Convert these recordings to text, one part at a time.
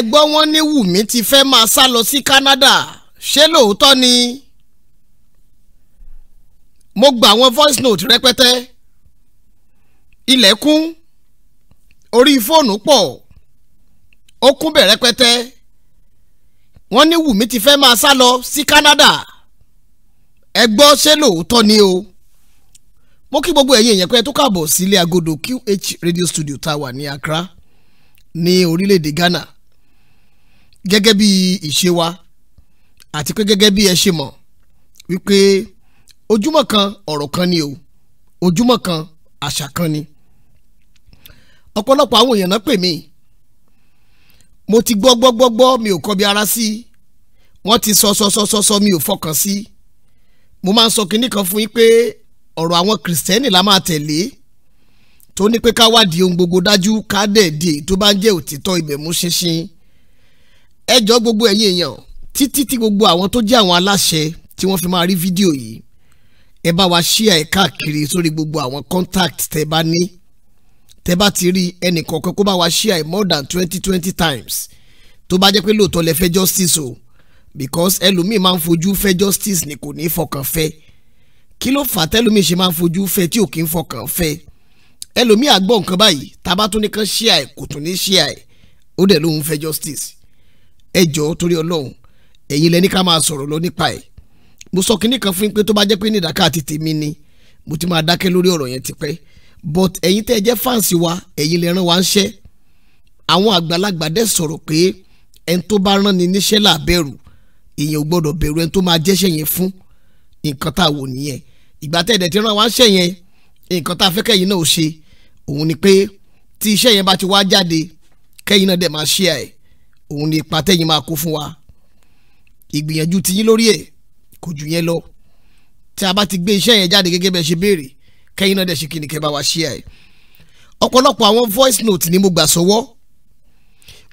ẹgbọ́n wọn ní Wùmí ti fẹ́ máa sá lọ sí Canada ṣé lóòótọ́ ni mo gba àwọn voice note rẹpẹtẹ ilẹ̀kùn orí fóònù pọ̀ ó kún bẹ̀ rẹpẹtẹ wọ́n ní Wùmí ti fẹ́ máa sá lọ sí Canada ẹ gbọ́ ṣé lóòótọ́ ni o mo kí gbogbo ẹ̀yin èèyàn pé ẹ tó kàbọ̀ sílé agodo QH radio studio tá a wà ní Accra ní orílẹ̀-èdè Ghana gẹ́gẹ́ bí ìṣe wa àti pé gẹ́gẹ́ bí ẹ ṣe mọ̀ wípé ojúmọ́ kan ọ̀rọ̀ kan ni o ojúmọ́ kan àṣà kan ni ọ̀pọ̀lọpọ̀ àwọn èèyàn náà pè mí mo ti gbọ́ gbọ́ gbọ́ gbọ́ mi ò kọbi ara sí wọ́n ti sọ sọ sọ sọ sọ mi ò fọkàn sí mo máa ń sọ kinní kan fún yín pé ọ̀rọ̀ àwọn kìrìsìtẹ́nì la máa tẹ̀lé tó ní pé ká wádìí ohun gbogbo dájú ká dẹ̀ di èyí tó bá ń jẹ́ òtítọ́ ibẹ̀ mú ṣinṣin ẹ jọ gbogbo ẹ̀yin èèyàn títí tí gbogbo àwọn tó jẹ́ àwọn aláṣẹ tí wọ́n fi máa rí fídíò yìí ẹ bá wa ṣíà ẹ káàkiri sórí gbogbo àwọn contact tẹ bá ní tẹ bá ti rí ẹnìkọ̀ọ̀kan kó bá wa ṣíà ẹ more than twenty twenty times tó bá jẹ́ pé lóòótọ́ lẹ fẹ́ justice o because ẹlòmíì máa ń fojú fẹ́ justice ni kò ní fọkàn fẹ́ kí ló fà tẹ́lòmíì ṣe máa ń fojú fẹ́ tí ò kí ń fọkàn fẹ́ ẹlòmíì àgbọ̀ nǹkan báyìí tá a bá tún ní kán ṣíà ẹ kò tún ní ṣíà ẹ ó dẹ̀ lóun fẹ́ justice ẹ jọ̀ọ́ torí ọlọ́run ẹ̀yin lẹni ká máa sọ̀rọ̀ lọ nípa ẹ̀ mo sọ kinní kan fún yín pé tó bá jẹ́ pé ní ìdáká àti tèmi ni mo ti máa dákẹ́ lórí ọ̀rọ̀ yẹn tipẹ́ but ẹ̀yin tẹ́ ẹ jẹ́ fáǹsì wa ẹ̀yin lẹ rán wa ń ṣẹ́ àwọn àgbàlagbà dẹ̀ sọ̀rọ̀ pé ẹni tó bá rán ni níṣẹ́ là bẹ̀rù èèyàn ò gbọ́dọ̀ bẹ̀rù ẹni tó máa jẹ́ṣẹ́ yẹn fún nǹkan tá a wò nìyẹn ìgbà tẹ́ ẹ̀dẹ̀ ti rán wa ń ṣẹ́ yẹn nǹkan tá a fẹ́ kẹ́yìn náà ò ṣe òun ni pé tí iṣẹ́ yẹn bá ti wá jáde kẹ́yìn náà dẹ̀ máa ṣíà ẹ̀ òun ni ipa tẹ́yìn máa kó fún wa ìgbìyànjú tiyín lórí ẹ̀ kò jù yẹn lọ tí a bá ti gbé iṣẹ́ yẹn jáde gẹ́gẹ́ bẹ́ẹ̀ ṣe béèrè kẹ́yìn náà dẹ̀ ṣe kíni bá wa ṣíà ẹ̀ ọ̀pọ̀lọpọ̀ àwọn voice note ni mo gbà sọ́wọ́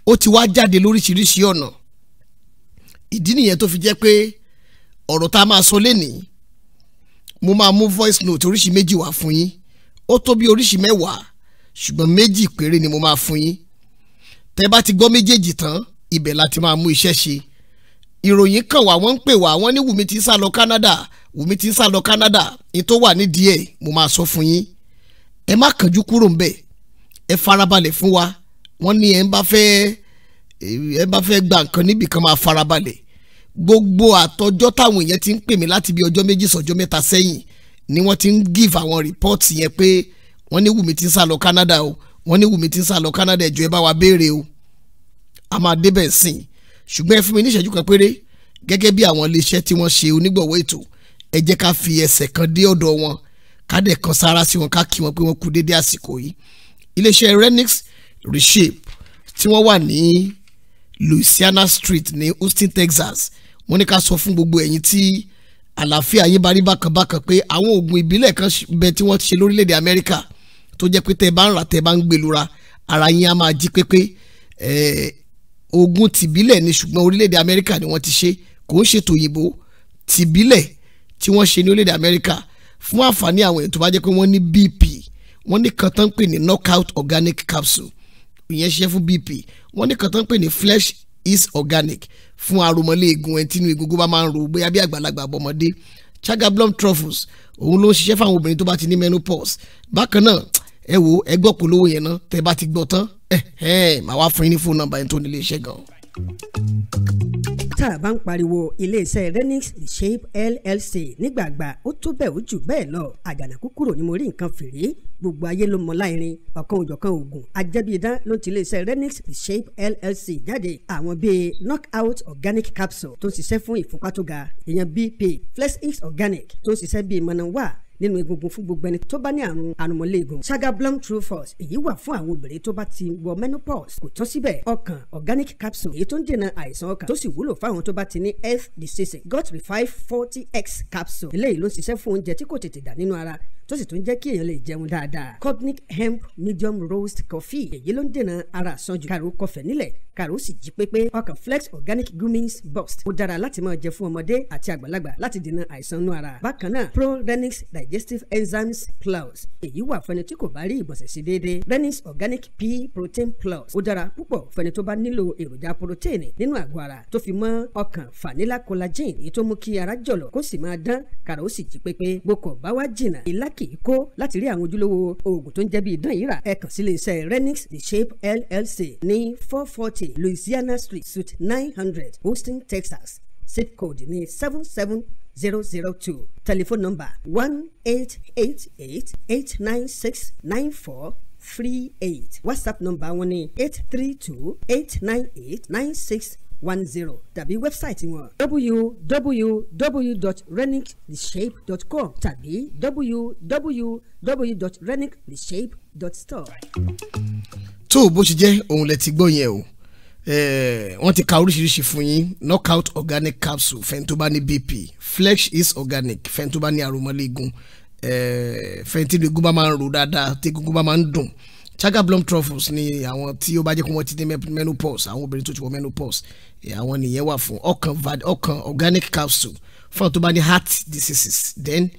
ó ti wá jáde lóríṣiríṣi ọ̀nà ìdí nìyẹn tó fi jẹ́ pé ọ̀rọ̀ tá a máa sọ lénìí mo máa mú voice note oríṣi méjì wá fún yín ó tó bí oríṣi mẹ́wàá ṣùgbọ́n méjì péré ni mo máa fún yín tẹ́ bá ti gbọ́ méjèèjì tán ibẹ̀ láti máa mú iṣẹ́ ṣe ìròyìn kan wà wọ́n ń pè wá wọ́n ní Wùmí ti ń sá lọ Canada Wùmí ti ń sá lọ Canada ní tó wà nídìí ẹ̀ mo máa sọ fún yín ẹ má kánjú kúrò ńbẹ̀ ẹ farabalẹ̀ fún wa wọ́n ní ẹ ń bá fẹ́ ẹ bá fẹ́ gba nǹkan níbì kan máa farabalẹ̀ gbogbo àtọjọ́ táwọn èèyàn ti ń pè mí láti bí ọjọ́ méjì sọ́jọ́ mẹ́ta sẹ́yìn ni wọ́n ti ń give àwọn rìpọ́ọ̀tì yẹn pé wọ́n ní Wùmí ti ń sá lọ Canada o wọ́n ní Wùmí ti ń sá lọ Canada ẹ̀jọ̀ ẹ bá wa béèrè o a máa débẹ̀ sìn ṣùgbọ́n ẹ fún mi ní ìṣẹ́jú kan péré gẹ́gẹ́ bí àwọn iléeṣẹ́ tí wọ́n ṣe onígbọ̀wọ́ ètò ẹ jẹ́ ká fi ẹsẹ̀ kan dé ọ̀dọ̀ wọn ká dẹ̀ kan sára sí wọn ká kí wọn pé wọ́n kú déédéé àsìkò yìí iléeṣẹ́ Renix Reshape tí wọ́n wà ní Louisiana Street ní Houston Texas wọ́n ní ká sọ fún gbogbo ẹ̀yin tí àlàáfíà yín bá rí bákan bákan pé àwọn oògùn ìbílẹ̀ kan bẹ tí wọ́n ti ṣe lórílẹ̀‐èdè Amẹ́ríkà tó jẹ́ pé tẹ́ bá ń rà tẹ́ bá ń gbèlúra ara yín á máa jí pépé ogun tìbílẹ̀ ni ṣùgbọ́n orílẹ̀-èdè amẹ́ríkà ni wọ́n ti ṣe kò ń ṣètò òyìnbó tìbílẹ̀ tí wọ́n ṣe ní orílẹ̀-èdè amẹ́ríkà fún àǹfààní àwọn èèyàn bá jẹ́ pé wọ́n ní bp wọ́n ní kan tán pè ní knockout organic capsule ìyẹn ṣiṣẹ́ fún bp wọ́n ní kan tán pè ní flesh is organic fún aromọlé eegun ẹni tínú egungun bá máa ń ro bóyá bí àgbàlagbà àbọ̀mọdé chagablum truffles òun ló ń ṣiṣẹ́ fáwọn obìnrin tó bá ti ní menopause bákan náà ẹ wo ẹ gbọ́ polówó yẹn ná tẹ bá ti gbọ́ tán màá wá fún yín ní fóònù nọ́mbà yẹn tó nílé iṣẹ́ gan. tá a bá ń pariwo iléeṣẹ́ renix shape llc nígbàgbà ó tó bẹ́ẹ̀ ó jù bẹ́ẹ̀ lọ àjànàkú kúrò ní mo rí nǹkan fèrè gbogbo ayé ló mọ láìrin ọ̀kan òjọ̀kan oògùn ajẹ́bíidán ló ti iléeṣẹ́ renix shape llc jáde àwọn bíi knockout organic capsule tó ń ṣiṣẹ́ fún ìfúnpá tó ga ìyẹn bp flex x organic tó ń ṣiṣẹ́ bíi mọ̀nà wà nínú egungun fún gbogbo ẹni tó bá ní àrùn àrùnmọ́lẹ́gùn Shagablanc True Force èyí wà fún àwọn obìnrin tó bá ti wọ menopause kò tán síbẹ̀ ọkàn organic capsule èyí tó ń dènà àìsàn ọkàn tó sì wúlò fáwọn tó bá ti ní health disease gut revive forty x capsule eléyìí ló ń ṣiṣẹ́ fún oúnjẹ tí kò tètè dà nínú ara tó sì tún jẹ́ kí èèyàn lè jẹun dáadáa cognic hemp medium roast coffee èyí ló ń dènà ara àsanjù kàrò kọfẹ nílẹ̀ kàrò sì jí pépé ọkàn flex organic gummies boost ó dára láti máa jẹ fún ọmọdé àti àgbàlagbà láti dènà àìsàn inú ara bákan náà prorenix digestive enzymes plus èyí wà fún ẹni tí kò bá rí ìgbọ̀nsẹ̀ sí déédéé renix organic pea protein plus ó dára púpọ̀ fún ẹni tó bá nílò èròjà protein nínú àgọ́ ara tó fi mọ́ ọkàn fanila collagen èyí tó mú kí ara jọ̀lọ̀ kó sì máa dán kàrò sì jí pépé gbogbo bá wá jìnnà ìlà kì í kó láti rí àwọn ojúlówó oògùn tó ń jẹ́ bí idán yìí rà ẹ kàn sí iléeṣẹ́ Renix The Shape LLC ní four forty Louisiana Street Suite nine hundred Houston Texas zip code ní seven seven zero zero two telephone number one eight eight eight eight nine six nine four three eight whatsapp number wọn ni eight three two eight nine eight nine six one zero tàbí wẹ́bsáìtì wọn www.renictheshape.com tàbí www.renictheshape.store. tó o bó ṣe jẹ́ ohun lẹ ti gbọ́ yẹn o eh, wọ́n ti ka oríṣiríṣi fún yín knockout organic capsule fẹ́ntóbá ní bp flex is organic fẹ́ntóbá ní aromọ́lẹ́gùn eh, fẹ́ntílẹ́gùn bá máa ń ro dáadáa tẹ́gùn bá máa ń dùn chaga blom truffles ni àwọn tí ó bá jẹ́ kó wọ́n ti dé menopause àwọn obìnrin tó ti wọ menopause eh, àwọn nìyẹn wà fún ọkàn ọkàn organic capsule fún tó bá ní heart diseases then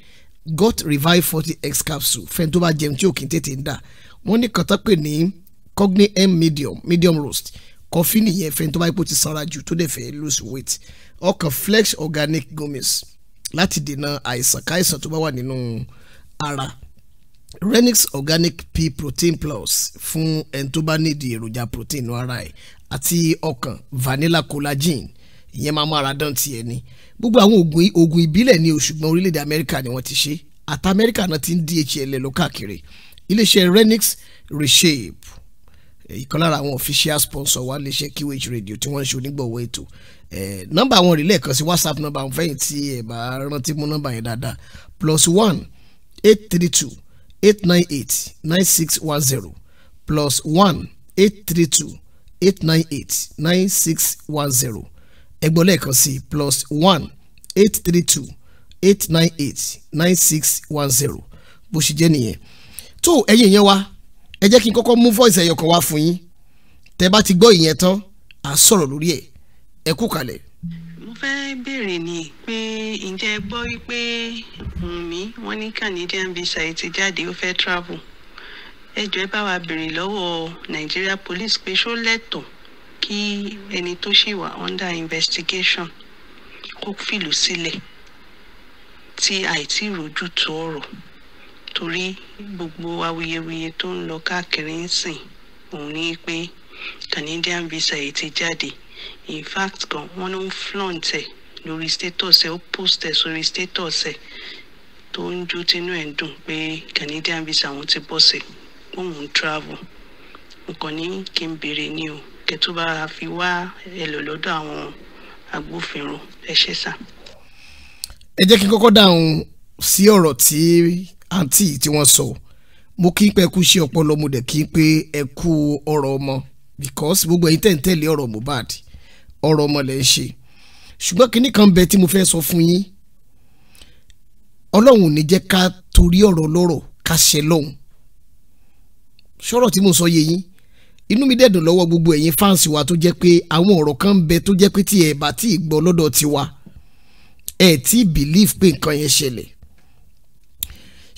got revive forty x capsule fẹ́ni tó bá jẹun tí ò kí n tètè ń dà wọ́n ní kàn tán ní cogni m medium medium roast kọfí nìyẹn fẹ́ni tó bá ipò ti sanra jù tó dẹ̀ fẹ́ lose weight ọkàn flex organic gummies láti dènà àìsàn káìsàn tó bá wà nínú ara renix organic pea protein plus fún ẹni tó bá nídìí èròjà protein inú ara ẹ̀ àti ọkàn vanilla collagen ìyẹn máa mára dán tiẹ̀ ni gbogbo àwọn oògùn oògùn ìbílẹ̀ ní òṣùgbọ́n orílẹ̀-èdè amẹ́ríkà ni wọ́n ti ṣe àti amẹ́ríkà náà ti ń dhl lọ káàkiri iléeṣẹ́ renix reshape ìkan lára àwọn official sponsor wa lè ṣe QH radio tí wọ́n ń ṣe onígbọ̀wọ́ ètò nọ́mbà wọn rí lẹ́ẹ̀kan sí whatsapp number wọn fẹ́yìn tí ẹ̀ bá rántí mú nọ́mbà yẹn dáadáa plus one eight three two eight nine eight nine six one zero plus one eight three two eight nine eight nine six one zero ẹgbọ́n sí plus one eight three two eight nine eight nine six one zero bó ṣe jẹ́ nìyẹn tó ẹ̀yin yẹn wá ẹ jẹ́ kí n kọ́kọ́ mú voice ẹ̀yọ̀ kan wá fún yín tẹ́ bá ti gbọ́ ìyẹn tán à sọ̀rọ̀ lórí ẹ̀ ẹ kú kalẹ̀ fẹ́ béèrè ni pé ǹjẹ́ gbọ́ wípé Wùnmí wọn ní Canadian visa ẹ̀ ti jáde ó fẹ́ travel ẹ jọ̀ọ́ ẹ bá wa béèrè lọ́wọ́ Nigeria police pé ṣó lẹ́tọ̀ọ́ kí ẹni tó ṣì wà under investigation kó fìlú sílẹ̀ tí àìtí rojú tó ọ̀rọ̀ torí gbogbo awuyewuye tó ń lọ káàkiri ń sìn òun ní pé Canadian visa yìí ti jáde in fact gan wọ́n ló ń flaunt ẹ̀ lórí status ẹ̀ ó post ẹ̀ sórí status ẹ̀ tó ń jó tinú ẹ̀ ń dùn pé Canadian visa wọn ti bọ́ sí òun ń travel nǹkan ní kí n béèrè ni o kẹtù bá fi wá ẹ lọ lọ́dọ̀ àwọn agbófinró ẹ ṣe sà. ẹ jẹ́ kí n kọ́kọ́ dáhùn sí ọ̀rọ̀ tí àǹtí tí wọ́n sọ mo kí n pé ẹkú ṣe ọpọlọ kí n pé ẹkú ọ̀rọ̀ ọmọ because gbogbo ẹ̀yin tẹ̀ ń tẹ̀lé ọ̀rọ̀ Mohbad ọ̀rọ̀ ọmọlẹ̀ ń ṣe ṣùgbọ́n kinní kan bẹ tí mo fẹ́ sọ fún yín ọlọ́run ò ní jẹ́ ká torí ọ̀rọ̀ lọ́rọ̀ ká ṣe lọ́hùn sọ̀rọ̀ tí mo sọ yé yín inú mi dẹ̀dùn lọ́wọ́ gbogbo ẹ̀yin fáǹsì wa tó jẹ́ pé àwọn ọ̀rọ̀ kan bẹ tó jẹ́ pé tí ẹ bá tí ì gbọ́ lọ́dọ̀ tiwa ẹ tí ì bìlíf pé nǹkan yẹn ṣẹlẹ̀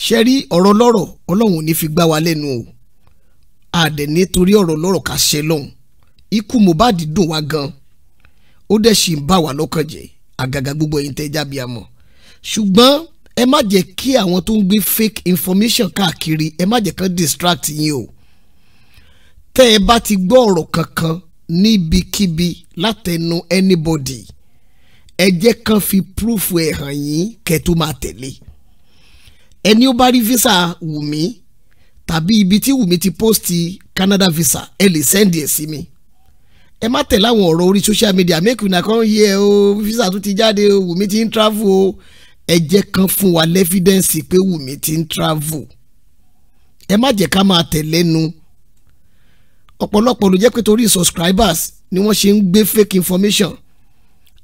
ṣe rí ọ̀rọ̀ lọ́rọ̀ ọlọ́run ní fi gbá wa lẹ́nu o àdẹ̀ nítorí ọ̀rọ̀ lọ́rọ̀ ká ṣe lọ́hùn ikú Mohbad dùn wá gan-an ó dẹ̀ sì ń bà wá lọ́kàn jẹ́ àgàgà gbogbo ẹ̀yin tẹ́ jábí àmọ́ ṣùgbọ́n ẹ má jẹ́ kí àwọn tó ń gbé fake information káàkiri ẹ má jẹ́ kán distract yín o tẹ́ ẹ bá ti gbọ́ ọ̀rọ̀ kankan níbikíbi látẹnu anybody ẹ jẹ́ kán fi proof ẹ̀ hàn yín kẹ́ tó máa tẹ̀lé ẹni ó bá rí visa Wùmí tàbí ibi tí Wùmí ti post Canada visa ẹ lè send ẹ̀ sí mi ẹ má tẹ̀lé àwọn ọ̀rọ̀ orí social media make una come here o visa tún ti jáde o Wùmí ti ń travel o ẹ jẹ́ kan fún wa lẹ́fídẹ́ǹsì pé Wùmí ti ń travel ẹ má jẹ́ ká máa tẹ̀lé nu ọ̀pọ̀lọpọ̀ ló jẹ́ pé torí subscribers ni wọ́n ṣe ń gbé fake information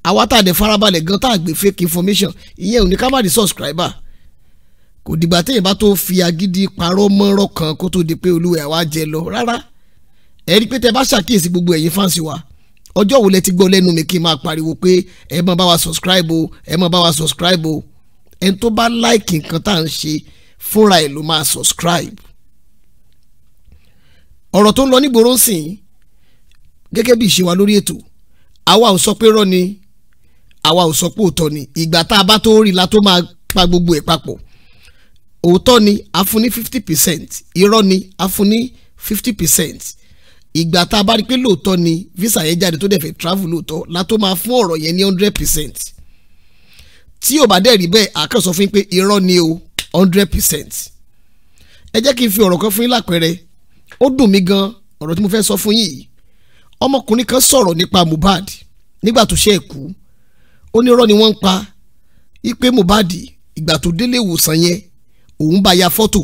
àwa tá a dẹ̀ farabalẹ̀ gan tá a gbé fake information ìyẹn ò ní ká má di subscriber kò dìgbà téèyàn bá tó fi agídí parọ́ mọ́rọ́ kan kó tó di pé olúwa ẹ̀ wá jẹ lọ rárá ẹ rí i pé tẹ bá ṣàkíyèsí gbogbo ẹ̀yin fáǹsì wa ọjọ́ wo lẹ ti gbọ́ lẹ́nu mi kí n máa pariwo pé ẹ máa bá wa subscribe o ẹ máa bá wa subscribe o ẹni tó bá like nǹkan tá à ń ṣe fúnra ẹ̀ ló máa subscribe ọ̀rọ̀ tó ń lọ nígboro ń sìn gẹ́gẹ́ bí ìṣe wa lórí ètò àwa ò sọ pé rọ́ ni àwa ò sọ pé òótọ́ ni ìgbà tá a bá tó rí la tó máa pa gbogbo ẹ̀ papọ̀ òótọ́ ni a fún ní fifty percent irọ́ ni a fún ní fifty percent ìgbà tá a bá rí i pé lóòótọ́ ni visa yẹn jáde tó dẹ̀ fẹ́ travel lóòótọ́ la tó máa fún ọ̀rọ̀ yẹn ní hundred percent tí ò bá dẹ̀ rí bẹ́ẹ̀ àkàn sọ fún yín pé irọ́ ni o hundred percent ẹ jẹ́ kí n fi ọ̀rọ̀ kan fún yín lápẹẹrẹ ó dùn mí gan ọ̀rọ̀ tí mo fẹ́ sọ fún yín yìí ọmọkùnrin kan sọ̀rọ̀ nípa Mohbad nígbà tó ṣe é kú ó ní irọ́ ni wọ́n ń pa ipe Mohbad ìgbà tó délé ìwòsàn yẹn òun bá ya fọ́tò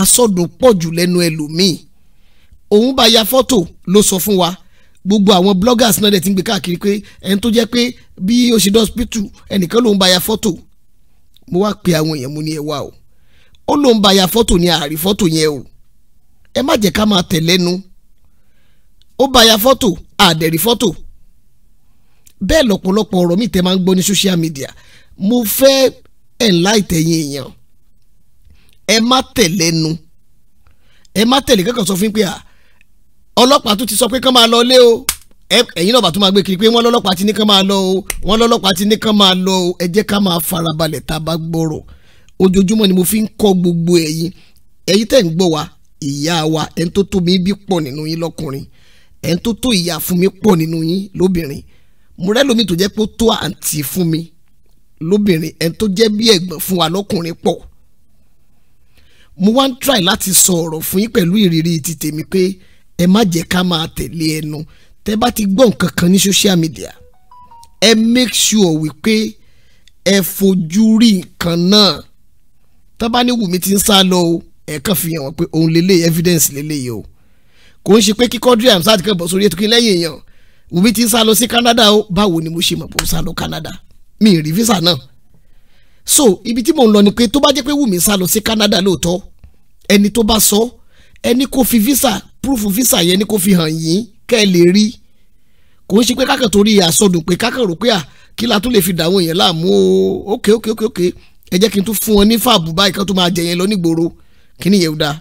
asọ́dùn pọ̀jù lẹ́nu ẹlòmíì òun bá ya fọ́tò ló sọ fún wa gbogbo àwọn bloggers náà dẹ̀ ti ń gbé káàkiri pé ẹni tó jẹ́ pé bí ó ṣe dọ́sípítù ẹnìkan lòun bá ya fọ́tò mo wá pe àwọn èèyàn mo ní ẹ wá o ó lòun bá ya fọ́tò ní àárí fọ́tò yẹn o ẹ má jẹ́ ká máa tẹ̀ lẹ́nu ó bá ya fọ́tò àdẹ̀rí fọ́tò bẹ́ẹ̀ lọ́pọ̀lọpọ̀ ọ̀rọ̀ mi tẹ́ máa ń gbọ́ ní social media mo fẹ́ ẹ̀ńláìtẹ̀yìn èèyàn ẹ má tẹ̀ lẹ́nu ẹ má tẹ̀lé kankan sọ fún pé à ọlọ́pàá tún ti sọ pé kán máa lọ lé o ẹ̀yin náà bá tún máa gbé kiri pé wọ́n lọ́lọ́pàá ti ní kán máa lọ o wọ́n lọ́lọ́pàá ti ní kán máa lọ o ẹ jẹ́ ká máa farabalẹ̀ tá a bá gbọ́rọ̀ ojoojúmọ́ ni mo fi ń kọ́ gbogbo ẹ̀yin ẹ̀yin tẹ̀ ń gbọ́ wa ìyá wa ẹni tó tó mi bí pọ̀ nínú yín lọ́kùnrin ẹni tó tó ìyá fún mi pọ̀ nínú yín lóbìnrin mo rẹ́ lómi tó jẹ́ pé ó tó àǹtí fún mi lóbìnrin ẹni tó jẹ́ bí ẹ̀gbọ́n fún wa lọ́kùnrin pọ̀ mo wá ń try láti sọ ọ̀rọ̀ fún yín pẹ̀lú ìrírí ti tèmi pé ẹ má jẹ́ ká máa tẹ̀lé ẹnu tẹ́ bá ti gbọ́ nǹkan ní social media ẹ make sure wípé ẹ fojú rí nǹkan náà tá bá ní Wùmí ti ń sá lọ o ẹ kàn fi hàn pé òun lélẹ̀ evidence lélẹ̀ o kò ń ṣe pé kí Quadri Hamzat kan bọ̀ sórí ètò kí lẹ́yìn èèyàn Wùmí ti ń sá lọ sí Canada o báwo ni mo ṣe mọ̀ pé ó sá lọ Canada mi ì rí visa náà so ibi tí mò ń lọ ni pé tó bá jẹ́ pé Wùmí sá lọ sí Canada lóòótọ́ ẹni tó bá sọ ẹni kò fi visa púrúfù físà yẹn ni kò fi hàn yín kẹ́ ẹ lè rí kò ń ṣe pé kákan torí àsọdùn pé kákan rò pé à kí la tún lè fi dàwọn èèyàn láàmú o ókè ókè ókè ókè ẹ jẹ́ kí n tún fún wọn ní fàbù báyìí kan tó máa jẹ yẹn lọ nígboro kí nìyẹn ó dáa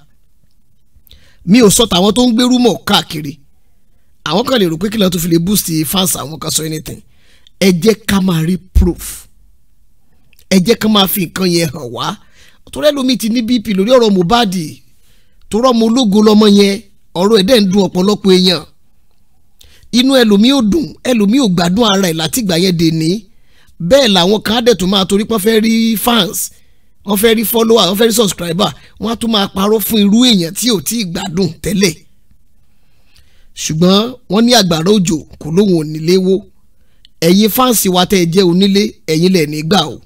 mi ò sọ tàwọn tó ń gbérú mọ̀ káàkiri àwọn kan lè rò pé kí la tún fi lè boost fans àwọn kan sọ anything ẹ jẹ́ ká máa rí proof ẹ jẹ́ ká máa fi nǹkan yẹn hàn wá torí ẹlòmíì ti ní bp lórí ọ̀rọ̀ Mohbad torọ́ ọmọ ológo lọmọ yẹn ọ̀rọ̀ ẹ̀dẹ̀ ń dùn ọ̀pọ̀lọpọ̀ èèyàn inú ẹlòmíì ò dùn ẹlòmíì ò gbádùn ara ẹ̀ látìgbà yẹn dè ní bẹ́ẹ̀ làwọn kan á dẹ̀ tún máa torí pé wọ́n fẹ́ rí fans wọ́n fẹ́ rí follower wọ́n fẹ́ rí subscriber wọ́n á tún máa parọ́ fún irú èèyàn tí ò tí ì gbádùn tẹ́lẹ̀ ṣùgbọ́n wọ́n ní àgbàrá òjò kò lóhùn onílé wó ẹ̀yin fáǹsì wa tẹ́ ẹ jẹ́ onílé ẹ̀yin lẹ̀ ní gbà o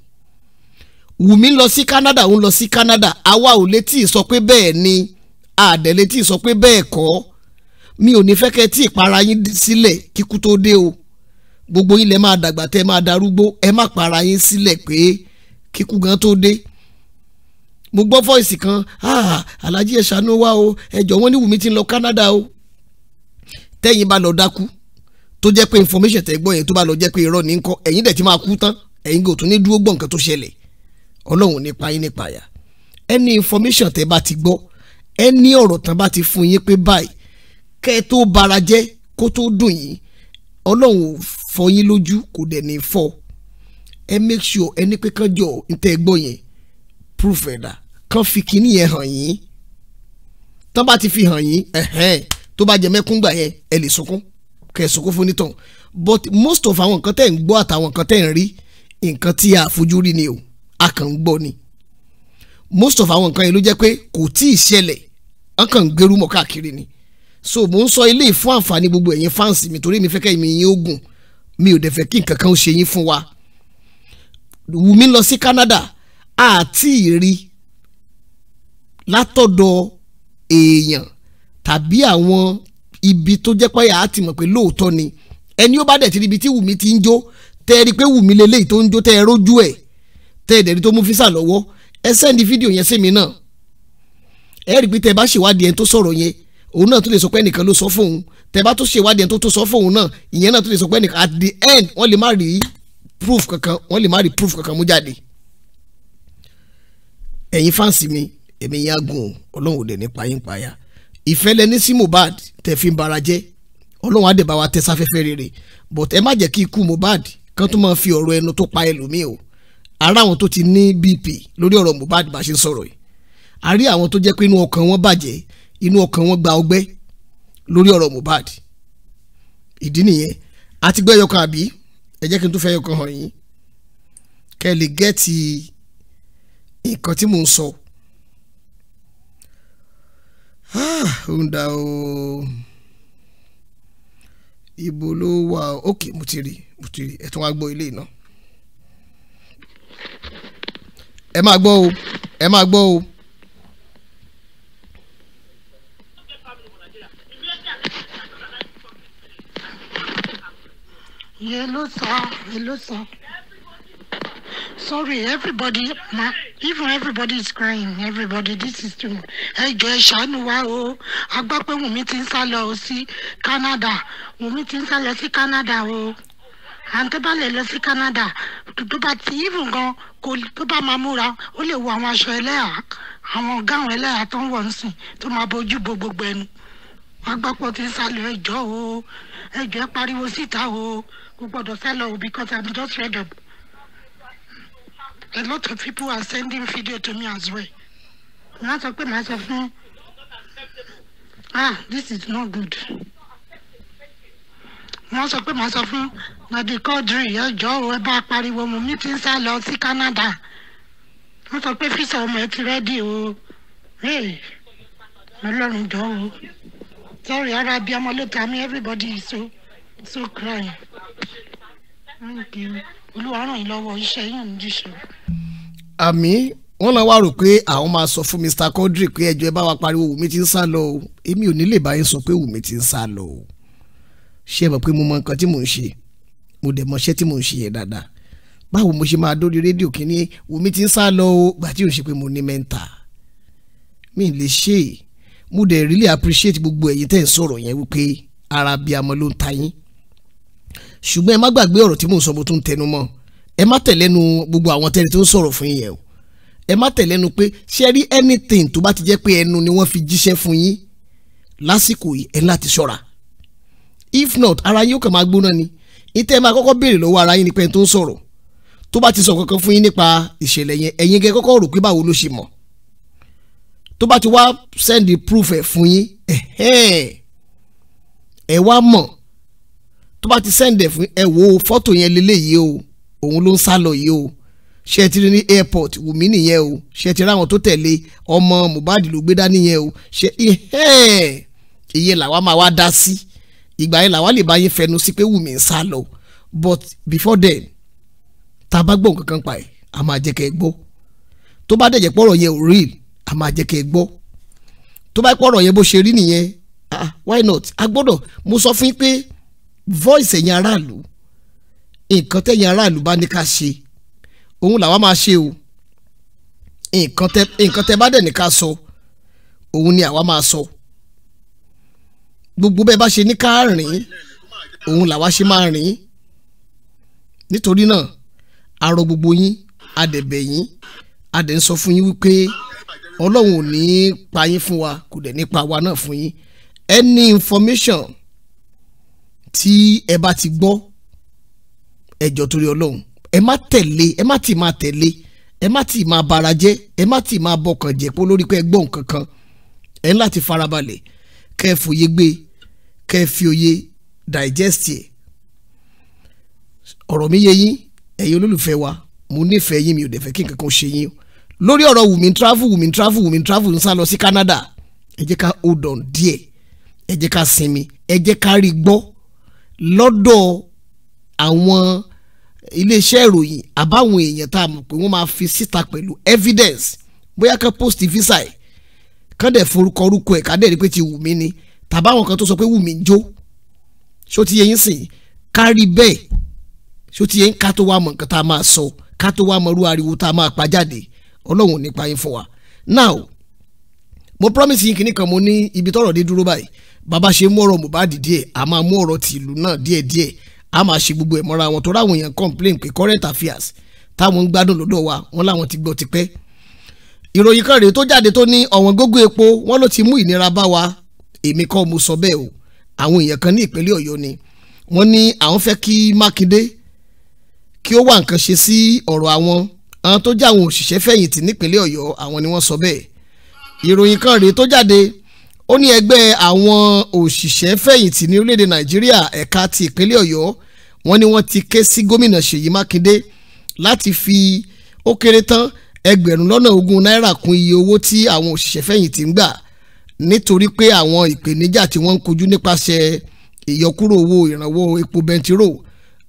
Wùmí lọ sí Canada òun lọ sí Canada àwa ò lè tí pé bẹ́ẹ̀ ni àdẹ̀lẹ̀ tí sọ pé bẹ́ẹ̀ kọ́ mi ò ní fẹ́ kẹ́ tí ìpara yín sílẹ̀ kíkú tó dé o gbogbo yín lẹ máa dàgbà tẹ́ máa darúgbó ẹ má para yín sílẹ̀ pé kíkú gan tó dé mo gbọ́ fọ́ìsì kan ah, alájí ẹ̀ ṣàánú wá o ẹjọ́ wọn ní Wùmí ti ń lọ Canada o tẹ́yìn bá lọ dákú tó jẹ́ pé information tẹ́ gbọ́ yẹn tó bá lọ jẹ́ pé irọ́ ní kọ́ ẹ̀yin dẹ̀ ti máa kú tán ẹ̀yin kò tún ní dúró gbọ́ nǹkan tó ṣẹlẹ̀ ọlọ́run nípa yín nípa àyà ẹni information tẹ́ bá ti gbọ́ ẹni ọ̀rọ̀ tán bá ti fún yín pé báyìí kẹ́ ẹ tó bara jẹ́ kó tó dùn yín ọlọ́run ò fọ yín lójú kò dẹ̀ ní fọ ẹ make sure ẹni pé kán jọ ntẹ gbọ́ yẹn proof ẹ̀ dà kán fi kíní yẹn hàn yín tán bá ti fi hàn yín ẹ̀hẹ́n tó bá jẹ mẹ́kún gbà yẹn ẹ lè sunkún kẹ́ ẹ sunkún fún nítàn but most of àwọn nǹkan tẹ̀ ń gbọ́ àtàwọn nǹkan tẹ̀ ń rí nǹkan tí a fojú rí ni o a kàn ń gbọ́ ni most of àwọn nǹkan yẹn ló jẹ́ pé kò tí ṣẹlẹ̀ wọn kàn ń gbérú káàkiri ni so mò ń sọ ilé ìfún àǹfààní gbogbo ẹ̀yin fáǹsì mi torí mi fẹ́ kẹ́ ẹ̀mí yín ogun mi ò dẹ̀ fẹ́ kí nǹkan kan ṣe yín fún wa Wùmí lọ sí Canada àti ìrí látọ̀dọ̀ èèyàn tàbí àwọn ibi tó jẹ́ pé àá ti mọ̀ pé lóòótọ́ ni ẹni ó bá dẹ̀ ti ríbi tí Wùmí ti ń jó tẹ́ ẹ rí i pé Wùmí leléyìí tó ń jó tẹ́ ẹ rójú ẹ̀ tẹ́ ẹ dẹ̀ rí tó mú físà lọ́wọ́ ẹ sẹ́ndí fídíò yẹn sí mi náà ẹ rí i pé tẹ bá ṣèwádìí ẹni tó sọ̀rọ̀ yẹn òun náà tó lè sọ pé ẹnìkan ló sọ fún òun tẹ bá tó ṣèwádìí ẹni tó tó sọ fún òun náà ìyẹn náà tó lè sọ pé ẹnìkan at the end wọ́n lè má rí proof kankan wọ́n lè má rí proof kankan mú jáde. ẹ̀yin fáǹsì mi èmi yẹn á gùn ọlọ́run ò dẹ̀ ní payín payá ìfẹ́ lẹni sí Mohbad tẹ̀ fi ń bara jẹ́ ọlọ́run á wa tẹ sáfẹ́fẹ́ rere but ẹ má jẹ́ kí ikú Mohbad kan tó máa fi ọ̀rọ̀ ẹnu tó pa ẹlòmíì o ara àwọn tó ti ní BP lórí ọ̀rọ̀ Mohbad bá ṣe ń sọ̀rọ̀ yìí a rí àwọn tó jẹ́ pé inú ọkàn wọn bàjẹ́ inú ọkàn wọn gba ọgbẹ́ lórí ọ̀rọ̀ Mohbad ìdí nìyẹn àti gbé ẹyọkan àbí ẹ kí n tún fẹ́ ẹyọkan hàn yín kẹ́ ẹ lè gẹ́ẹ̀tì nǹkan tí mò ń sọ. Ah, ó o ibo ló wà ó òkè mo ti rí mo ti rí ẹ tún wá gbọ́ ilé iná. ẹ máa gbọ́ o ẹ máa gbọ́ o. yẹn ló sọ yẹn Sorry, everybody, ma, even everybody is crying. Everybody, this is too. Hey, jọ̀ọ́ ẹ ṣàánú wa o. A gbọ́ pé Wùmí ti ń sá lọ Canada. We meet in Salo, see Canada oh. Àǹtí bá lè lọ sí Canada. To do that, even go. kò tó bá máa múra, ó lè wọ àwọn aṣọ ẹlẹ́yà, àwọn gáwọn ẹlẹ́yà tó ń wọ̀ ń sìn tó máa bójú bo gbogbo ẹnu. A gbọ́ pé ó ti ń sá lọ ẹ oh kò sá lọ o because i'm just fed up a lot of people are sending video to me as well wọ́n sọ pé màá sọ fún ah this is not good wọ́n sọ pé màá sọ fún nadi Quadri ẹjọ́ ò ẹ bá pariwo mo mi ti ń sá lọ sí Canada wọ́n sọ pé físà ọmọ ẹ ti rẹ́dì o ọlọ́run jọ̀ọ́ o sorry ara bíi ọmọ ló ta mi everybody so tí ó kúrò thank you olúwa ràn yín lọ́wọ́ iṣẹ́ yóò ní jùṣọ. àmì wọ́n lọ wá rò pé àwọn máa sọ fún Mr. Quadri pé ẹjọ́ ẹ bá wa pariwo Wùmí ti ń sá lọ o èmi ò ní lè bá yín sọ pé Wùmí ti ń sá lọ o ṣé ẹ mọ̀ pé mo mọ nǹkan tí mò ń ṣe mo dẹ̀ mọṣẹ́ tí mò ń ṣe yẹn dáadáa báwo mo ṣe máa dórí rédíò kí ni Wùmí ti ń sá lọ o gbà tí ò ṣe pé mo ní mẹ́ńtà mi lè ṣe é mo dẹ̀ really appreciate gbogbo ẹ̀yin tẹ́ ń sọ̀rọ̀ yẹn wípé ara bíi amọ ló ń ta yín ṣùgbọ́n ẹ má gbàgbé ọ̀rọ̀ tí mò ń sọ mo tún tẹnu mọ́ ẹ má tẹ̀lẹ́nu gbogbo àwọn tẹ́ni tó ń sọ̀rọ̀ fún yín yẹn o ẹ má tẹ̀lẹ́nu pé ṣe rí anything tó bá ti jẹ́ pé ẹnu ni wọ́n fi jíṣẹ́ fún yín lásìkò yìí ẹ láti ṣọ́ra if not ara yín ó kàn máa gbóná ni ìtẹ́ máa kọ́kọ́ béèrè lọ́wọ́ ara yín nípa ẹni tó ń sọ̀rọ̀ tó bá ti sọ kankan fún yín nípa ìṣẹ̀lẹ̀ yẹn ẹ̀yin gẹ́ kọ́kọ́ rò pé báwo ló ṣe mọ̀ tó bá ti wá send proof ẹ̀ fún yín ẹ̀ ẹ̀ wá mọ̀ tó bá ti send fún ẹ wo fọ́tò yẹn leléyìí o òun ló ń sá lọ yìí o ṣe ti rí ní airport Wùmí nìyẹn o ṣe ti ráwọn tó tẹ̀lé ọmọ Mohbad ló gbé dání yẹn o ṣe iye làwa máa wá dá sí ìgbà yẹn làwa lè bá yín fẹnu sí pé Wùmí ń sá lọ but before then tá a bá gbọ́ nǹkan kan pa ẹ̀ a máa jẹ́ kẹ́ ẹ gbọ́ tó bá dẹ̀ pọ̀rọ̀ yẹn ò real a máa jẹ́ kẹ́ ẹ gbọ́ tó bá pọ̀rọ̀ yẹn bó ṣe rí nìyẹn ah why not a gbọ́dọ̀ mo sọ fún yín pé voice ẹ̀yin aráàlú nǹkan tẹ̀yin aráàlú bá ní ká ṣe òun làwa máa ṣe o nǹkan tẹ bá dẹ̀ ní ká sọ òun ni àwa máa sọ gbogbo bẹ́ẹ̀ bá ṣe ní ká rìn òun làwa ṣe máa rìn nítorí náà a gbogbo yín a yín a ń sọ fún yín wípé ọlọ́run ò ní pa yín fún wa kò dẹ̀ ní pa wa náà fún yín any information tí ẹ bá ti gbọ́ ẹjọ́ torí ọlọ́run ẹ má tẹ̀lé ẹ má ti máa tẹ̀lé ẹ má ti máa bara jẹ́ ẹ má ti máa bọkàn jẹ́ pé olórí pé ẹ gbọ́ nǹkan kan ẹ ní láti farabalẹ̀ kẹ́ ẹ fòye gbé kẹ́ ẹ fi òye digest ẹ̀ ọ̀rọ̀ mi yé yín ẹ̀yin olólùfẹ́ wa mo nífẹ̀ẹ́ yín mi ò dẹ̀ fẹ́ kí nǹkan ṣe yín lórí ọ̀rọ̀ wùmí travel wùmí travel wùmí travel ń sá lọ sí Canada ẹ jẹ́ ká hold on díẹ̀ ẹ jẹ́ ká sinmi ẹ jẹ́ ká rí gbọ́ lọ́dọ̀ àwọn iléeṣẹ́ ìròyìn àbáwọn èèyàn tá a mọ̀ pé wọ́n máa fi síta pẹ̀lú evidence bóyá kan post visa ẹ̀ kán dẹ̀ forúkọ orúkọ ẹ̀ ká dẹ̀ rí pé ti Wùmí ni tàbáwọn kan tó sọ pé Wùmí ń jó ṣó ti yẹ sìn kárí bẹ́ẹ̀ ṣó ti yẹ ká tó wá mọ̀ nǹkan tá a máa sọ ká tó wá mọ̀ irú ariwo tá a máa pa jáde ọlọ́run nípa yín fún wa now mo promise yín kinní kan mo ní ibi tọ́rọ̀ dé dúró báyìí bàbá ṣe mú ọ̀rọ̀ Mohbad díẹ̀ a máa mú ọ̀rọ̀ tìlú náà díẹ̀díẹ̀ a máa ṣe gbogbo ẹ̀ mọ́ra wọn tó ráwọn èèyàn complain pé current affairs táwọn ń gbádùn lọ́dọ̀ wa wọn láwọn ti gbọ́ tipẹ́ ìròyìn kan rèé tó jáde tó ní ọ̀wọ́n gógó epo wọn ló ti mú ìnira bá wa èmi kọ́ mo sọ bẹ́ẹ̀ o àwọn èèyàn kan ní ìpínlẹ̀ Ọ̀yọ́ ni wọ́n ní àwọn fẹ́ kí Mákindé kí ó wá nǹkan ṣe sí ọ̀rọ̀ àwọn àwọn tó jẹ́ àwọn òṣìṣẹ́ fẹ̀yìntì nípínlẹ̀ Ọ̀yọ́ àwọn ni wọ́n sọ bẹ́ẹ̀ ìròyìn kan rèé tó jáde ó ní ẹgbẹ́ àwọn òṣìṣẹ́ fẹ̀yìntì ní orílẹ̀-èdè nàìjíríà ẹ̀ka ti ìpínlẹ̀ ọ̀yọ́ wọ́n ní wọ́n ti ké sí gómìnà ṣèyí mákindé láti fi ó kéré tán ẹgbẹ̀rún lọ́nà ogún náírà kún iye owó tí àwọn òṣìṣẹ́ fẹ̀yìntì ń gbà nítorí pé àwọn ìpèníjà tí wọ́n ń kojú nípasẹ̀ ìyọkúrò owó ìrànwọ́ epo bẹntiró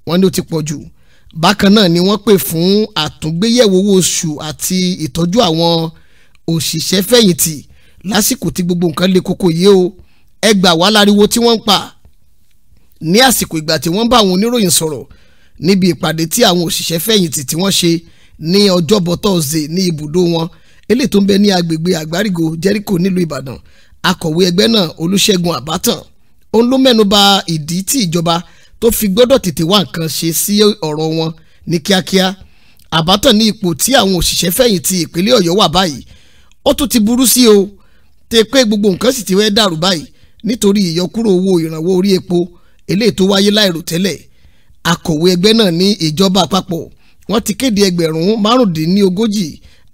wọ́n ní ó ti pọ̀ jù bákan náà ni wọ́n pè fún àtúngbéyẹ̀wò owó oṣù àti ìtọ́jú àwọn òṣìṣẹ́ fẹ̀yìntì lásìkò tí gbogbo nǹkan le koko yìí o ẹ gbà wá láriwo tí wọ́n ń pa ní àsìkò ìgbà tí wọ́n bá àwọn oníròyìn sọ̀rọ̀ níbi ìpàdé tí àwọn òṣìṣẹ́ fẹ̀yìntì tí wọ́n ṣe ní ọjọ́bọ̀ tọ́sídẹ̀ẹ́ ní ibùdó wọn eléyìí tó ń bẹ ní agbègbè àgbárígo jẹ́ríkò nílùú ìbàdàn akọ̀wé ẹgbẹ́ náà olùṣègùn àbátàn òun ló mẹ́nu bà ìdí tí ìjọba tó fi gbọ́dọ̀ tètè wá nǹkan ṣe sí ọ̀rọ̀ wọn ní kíákíá àbátàn ní ipò tí àwọn òṣìṣẹ́ fẹ̀yìntì ìpínlẹ̀ ọ̀yọ́ wà báyìí ó tún ti burú sí o tẹ pé gbogbo nǹkan sì ti wẹ́ dàrú báyìí nítorí ìyọkúrò owó ìrànwọ́ orí epo eléyìí tó wáyé láìròtẹ́lẹ̀ akọ̀wé ẹgbẹ́ náà ní ìjọba àpapọ̀ wọ́n ti kéde ẹgbẹ̀rún márùndínlógójì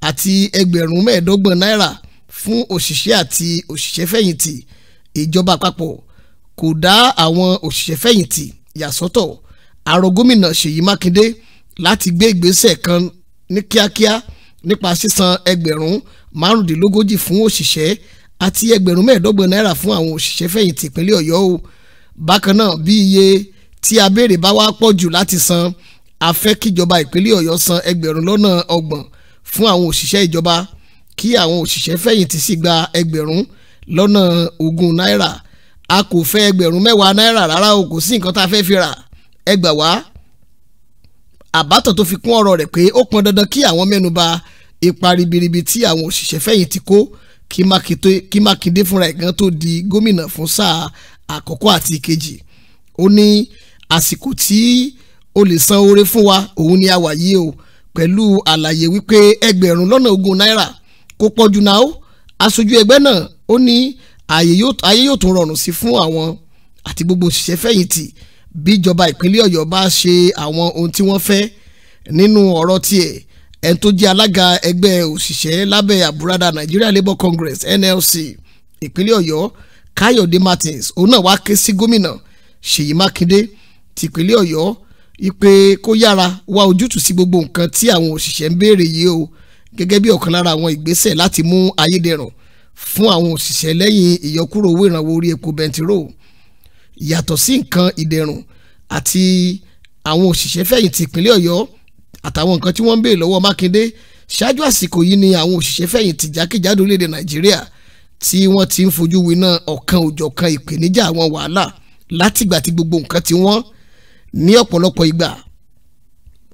àti ẹgbẹ̀rún mẹ́ẹ̀ẹ́dọ́gbọ̀n náírà fún òṣìṣẹ́ àti òṣìṣẹ́ fẹ̀yìntì ìjọba àpapọ̀ kò dá àwọn òṣìṣẹ́ fẹ̀yìntì yà sọ́tọ̀ àrò gómìnà Ṣèyí Mákindé láti gbé ìgbésẹ̀ kan ní kíákíá nípa sísan ẹgbẹ̀rún márùndínlógójì fún òṣìṣẹ́ àti ẹgbẹ̀rún mẹ́ẹ̀ẹ́dọ́gbọ̀n náírà fún àwọn òṣìṣẹ́ fẹ̀yìntì ìpínlẹ̀ ọ̀yọ́ o bákan náà bí iye tí a béèrè bá wá pọ̀ jù láti san a fẹ́ kíjọba ìpínlẹ̀ ọ̀yọ́ san ẹgbẹ̀rún lọ́nà ọgbọ̀n fún àwọn òṣìṣẹ́ ìjọba kí àwọn òṣìṣẹ́ fẹ̀yìntì sì gba ẹgbẹ̀rún lọ́nà ogún náírà a kò fẹ́ ẹgbẹ̀rún mẹ́wàá náírà rárá o kò sí nǹkan tá a fẹ́ fi rà ẹgbà wá àbátọ̀ tó fi kún ọ̀rọ̀ rẹ̀ pé ó pọn dandan kí àwọn mẹ́nuba ipa ribiribi tí àwọn òṣìṣẹ́ fẹ̀yìntì kó kí Mákindé fúnra ẹ̀ gan tó di gómìnà fún sáà àkọ́kọ́ àti ìkejì ó ní àsìkò tí o lè san oore fún wa òun ni a wà yìí o pẹ̀lú àlàyé wípé ẹgbẹ̀rún lọ́nà ogún náírà kò pọ̀jù náà ó aṣojú ẹgbẹ́ náà ó ní ayé yóò tún rọrùn sí fún àwọn àti gbogbo òṣìṣẹ́ fẹ̀yìntì bí ìjọba ìpínlẹ̀ Ọ̀yọ́ bá ṣe àwọn ohun tí wọ́n fẹ́ nínú ọ̀rọ̀ tiẹ̀ ẹni tó jẹ́ alága ẹgbẹ́ òṣìṣẹ́ lábẹ́ àbúradà Nigeria Labour Congress NLC ìpínlẹ̀ Ọ̀yọ́ Káyọ̀dé Martins òun náà wá ké sí gómìnà Ṣèyí Mákindé tìpínlẹ̀ Ọ̀yọ́ ipe kó yára wá ojútùú sí gbogbo nǹkan tí àwọn òṣìṣẹ́ ń béèrè yìí o gẹ́gẹ́ bí ọ̀kan lára àwọn ìgbésẹ̀ láti mú ayédèrú fún àwọn òṣìṣẹ́ lẹ́yìn ìyọkúrò owó ìrànwọ́ orí epo bẹntiró yàtọ̀ sí nǹkan ìdẹ̀rùn àti àwọn òṣìṣẹ́ fẹ̀yìntì ìpínlẹ̀ Ọ̀yọ́ àtàwọn nǹkan tí wọ́n ń béè lọ́wọ́ Mákindé ṣáájú àsìkò yìí ni àwọn òṣìṣẹ́ fẹ̀yìntì jákèjádò orílẹ̀-èdè Nàìjíríà tí wọ́n ti ń fojú winá ọ̀kan òjọ̀kan ìpèníjà àwọn wàhálà látìgbà tí gbogbo nǹkan ti wọ́n ní ọ̀pọ̀lọpọ̀ ìgbà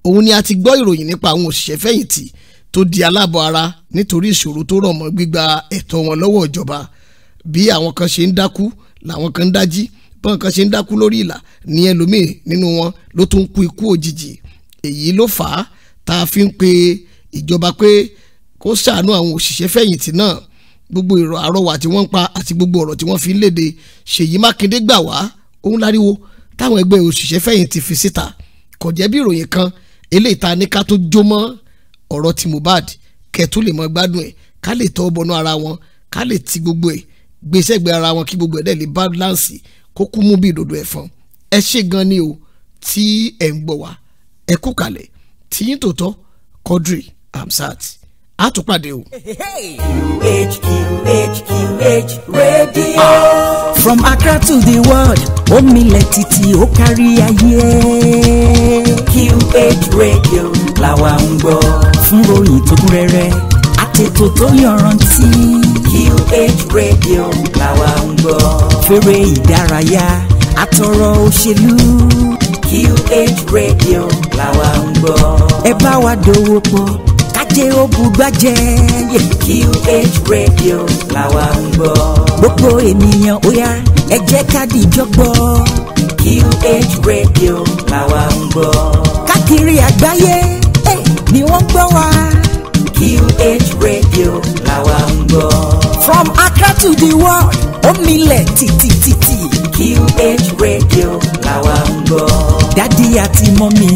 òun ni a ti gbọ́ ìròyìn nípa àwọn òṣìṣẹ́ fẹ̀yìntì tó di aláàbọ̀ ara nítorí ìṣòro tó rọ̀ mọ́ gbígba ẹ̀tọ́ wọn lọ́wọ́ ìjọba bí àwọn kan ṣe ń dákú làwọn kan ń dájí bọ́n kan ṣe ń dákú lórí ìlà ní ẹlòmíì nínú wọn ló tún kú ikú òjijì èyí ló fà á tá a fi ń pe ìjọba pé kó ṣàánú àwọn òṣìṣẹ́ fẹ̀yìntì náà gbogbo ìrọ̀ àrọwà tí wọ́n ń pa àti gbogbo ọ̀rọ̀ tí wọ́n fi ń léde Ṣèyí Mákindé gbà wá òun láriwo táwọn ẹgbẹ́ òṣìṣẹ́ fẹ̀yìntì fi síta kò jẹ́ bí ìròyìn kan eléyìí ta ní ká tó jó mọ́ ọ̀rọ̀ ti Mohbad kẹ̀tù lè mọ gbádùn ẹ̀ ká lè tọ́ bọnú ara wọn ká lè ti gbogbo ẹ̀ gbèsè gbé ara wọn kí gbogbo ẹ̀ dẹ̀ lè bá láǹsì kó kú mú bí ìdodo ẹ̀fọn ẹ ṣe gan ni o tí ẹ̀ ń gbọ́ wa ẹ kú kalẹ̀ tìyín tòótọ́ Quadri Hamzat àtúpàdé o. QH QH QH rédíò. From Accra to the world ó milẹ̀ o ó kárí QH Radio làwa ń gbọ́. fún ròyìn tó kún rẹ́rẹ́ àtètò tó yọrantí. QH Radio làwa ń gbọ́. fèrè ìdárayá àtọ̀rọ̀ òṣèlú. QH radio làwa ń gbọ́. ẹ bá wa dòwò pọ̀ kájé ó bugbájẹ́. QH radio làwa ń gbọ́. gbogbo ènìyàn ó yá ẹ jẹ́ ká dìjọ́ gbọ́. QH radio làwa ń gbọ́. káàkiri àgbáyé ni wọ́n gbọ́ wa. QH radio làwa ń gbọ́. from Accra to the world ó milẹ̀ tìtìtìtì. QH radio làwa ń gbọ́. dádì àti mọ́mí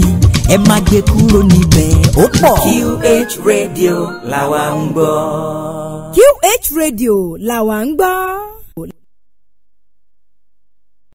ẹ má gbé kúrò níbẹ̀ ó pọ̀. QH radio làwa ń gbọ́. QH radio làwa ń gbọ́.